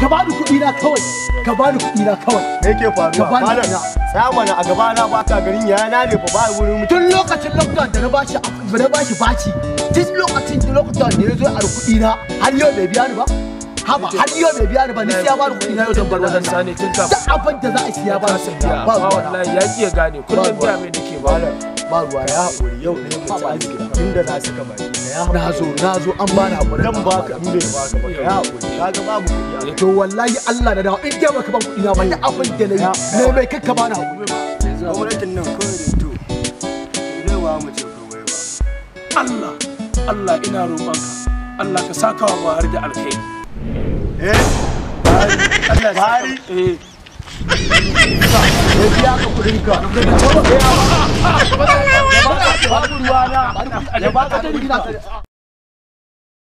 ka bani kuɗi na kawai ka bani kuɗi na kawai me yake faruwa malam samana a gaba na baka garin na ne fa ba wurin tun lokacin lockdown da na bashi da na bashi baci tun lokacin da lockdown ne a kuɗi na har yau bai biya ni ba haba har yau bai biya ni ba ni bani kuɗi na yau zan bar wajen sani tun kafin abin da za a siya ba wallahi ya ki gane kullum biya mai nake ba ba ruwa ya haƙuri yau ne ka ba ni na saka na zo na zo an bani abu dan baka in bai baka ba ya haƙuri kaga babu kuɗi to wallahi Allah na dawo in ke baka ban kuɗi na ba ni abin da nayi ne mai kakka bani haƙuri gwamnatin nan kawai da to ne wa mu ce kawai ba Allah Allah ina roƙonka Allah ka saka wa Buhari da alkai eh eh ya ka 나 맞아 때리기다